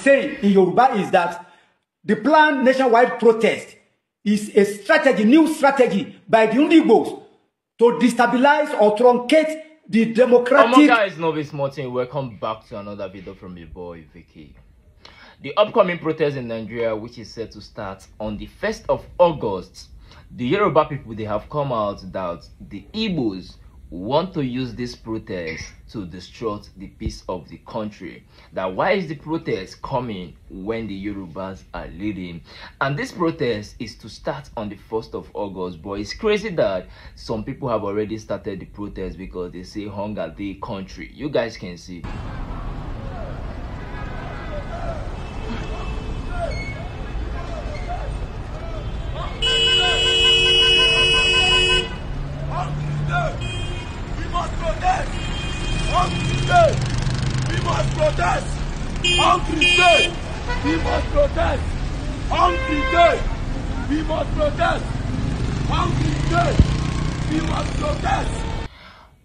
saying in Yoruba is that the planned nationwide protest is a strategy, new strategy by the Undigos to destabilize or truncate the democratic. guys, Novice Martin, welcome back to another video from your boy Vicky. The upcoming protest in Nigeria, which is set to start on the 1st of August, the Yoruba people, they have come out that the Igbos want to use this protest to destroy the peace of the country. That why is the protest coming when the Yorubas are leading? And this protest is to start on the 1st of August. But it's crazy that some people have already started the protest because they say hunger the country. You guys can see. we must protest. we must protest. we must protest.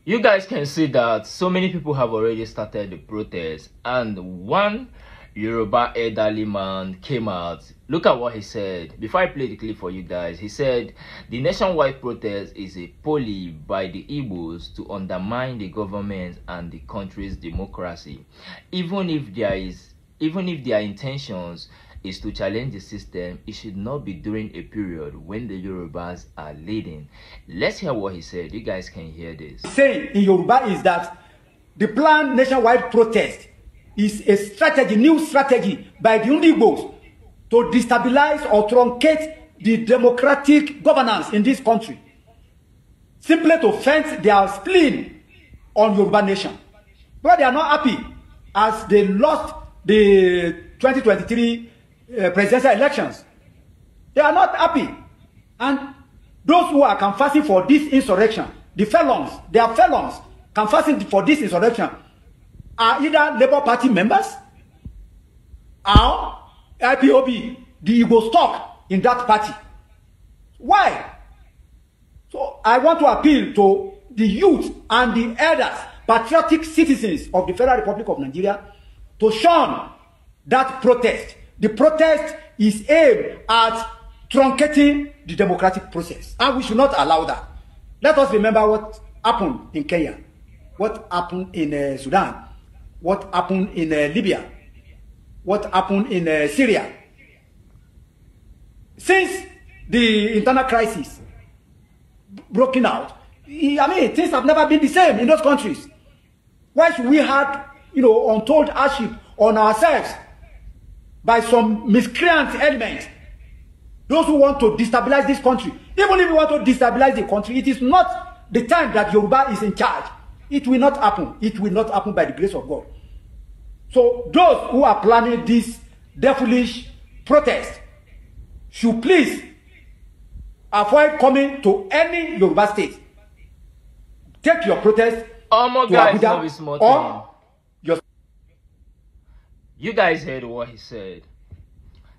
You guys can see that so many people have already started the protest and one Yoruba elderly man came out. Look at what he said. Before I play the clip for you guys, he said the nationwide protest is a poly by the Igbos to undermine the government and the country's democracy. Even if there is even if their intentions is to challenge the system, it should not be during a period when the Yorubas are leading. Let's hear what he said. You guys can hear this. Saying in Yoruba is that the planned nationwide protest is a strategy, new strategy by the Undigbos to destabilize or truncate the democratic governance in this country, simply to fence their spleen on Yoruba nation. But they are not happy as they lost the 2023 uh, eh, presidential elections. They are not happy. And those who are confessing for this insurrection, the felons, they are felons confessing for this insurrection, are either Labour Party members or IPOB, the ego stock in that party. Why? So I want to appeal to the youth and the elders, patriotic citizens of the Federal Republic of Nigeria to shun that protest. The protest is aimed at truncating the democratic process, and we should not allow that. Let us remember what happened in Kenya, what happened in uh, Sudan, what happened in uh, Libya, what happened in uh, Syria. Since the internal crisis broken out, I mean, things have never been the same in those countries. Why should we have you know, untold hardship on ourselves by some miscreant elements. Those who want to destabilize this country. Even if you want to destabilize the country, it is not the time that Yoruba is in charge. It will not happen. It will not happen by the grace of God. So those who are planning this devilish protest should please avoid coming to any Yoruba state. Take your protest oh to Abuja or You guys heard what he said.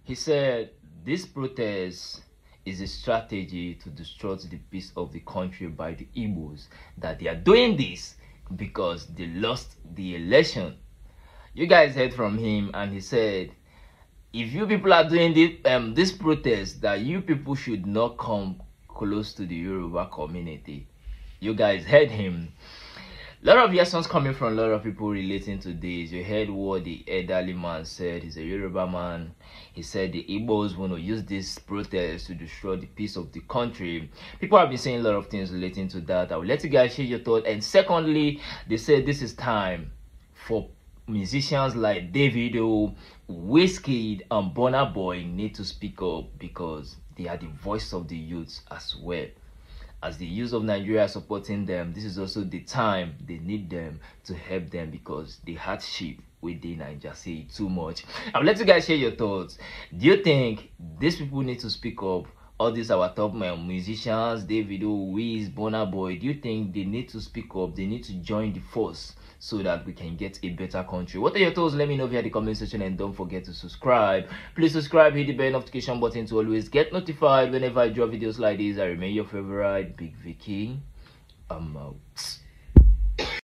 He said, this protest is a strategy to destroy the peace of the country by the Igbos. That they are doing this because they lost the election. You guys heard from him and he said, if you people are doing this, um, this protest, that you people should not come close to the Yoruba community. You guys heard him lot of yesons coming from a lot of people relating to this. You heard what the elderly man said. He's a Yoruba man. He said the Igbos want to use this protest to destroy the peace of the country. People have been saying a lot of things relating to that. I will let you guys share your thoughts. And secondly, they said this is time for musicians like Davido, Whiskey, and Bonner Boy need to speak up because they are the voice of the youths as well. As the youth of Nigeria supporting them, this is also the time they need them to help them because the hardship within Nigeria say too much. I'll let you guys share your thoughts. Do you think these people need to speak up all these our top musicians, Davido, Wiz, Bonaboy, Boy, do you think they need to speak up? They need to join the force so that we can get a better country. What are your thoughts? Let me know via the comment section and don't forget to subscribe. Please subscribe, hit the bell notification button to always get notified whenever I drop videos like this. I remain your favorite Big Vicky. I'm out.